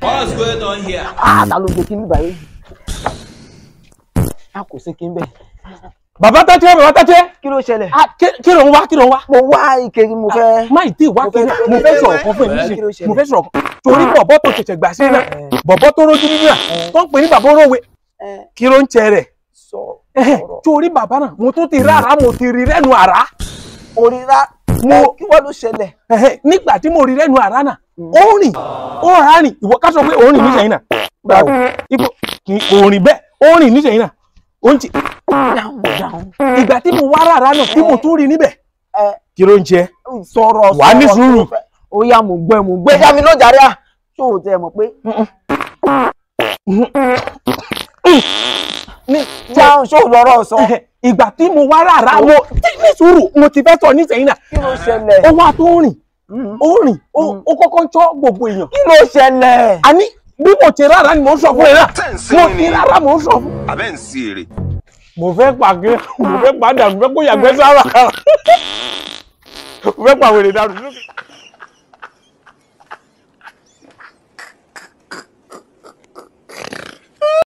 what's going on here. Ah, that looks gbé kí ní báyìí a kò sí kí n bẹ̀. bàbá tẹ́tẹ́ bàbá tẹ́tẹ́. kí ló ṣẹlẹ̀. Ah, kí ló ń wá kí ló ń wá. mo wá ike mo fẹ́. Ah, má ì tí ì wá kí mo fẹ́ sọ̀rọ̀ kan fún mi mo fẹ́ sọ̀rọ̀ kan torí ah. bọ̀bọ̀ tó ṣẹ̀ṣẹ̀ gbà sí iná eh. bọ̀bọ̀ tó rójú nínú à tó ń pè ní bàbá olówe eh. kí ló ń ṣe rẹ̀. Eh, torí mo tún ti rí ara mo ti rí rẹ́nu ara. mo rí ra kí wọ́n ló ṣẹlẹ̀. nígbà tí mo rí rẹ́nu ara náà ó rìn hmm ó rárìn ìwọ ká sọ pé òórìn níṣẹ̀yìn náà bravo ipò òórìn bẹ́ẹ̀ òórìn níṣẹ̀yìn náà ó ń ti ìgbà tí mo wá rárá náà tí mo tún rí níbẹ̀ kí ló ń jẹ wàá ní sùúrù ó yá mo gbẹ mo gbẹ dá mi náà jàre à tó o tẹ mọ̀ pé ní tí a ń ṣó lọ́rọ̀ sọ. ìgbà tí mo wá rárá mo ní sùúrù mo ti fẹ́ sọ níṣẹ̀yìn náà ó wá tó rìn. Mm-hmm. ó rìn ó mm-hmm. kọ́kọ́ ń tọ́ gbogbo èèyàn. kí ló ṣẹlẹ̀. àní bí mo ti rárá ni mo ń sọ fún ẹ mo ti rárá mo sọ fún. abẹ́ ń sí èrè. mo fẹ́ pàgẹ́ mo fẹ́ padà mo fẹ́ kó yàgbẹ́ sára mo fẹ́ pàwẹ̀rẹ̀ dànù.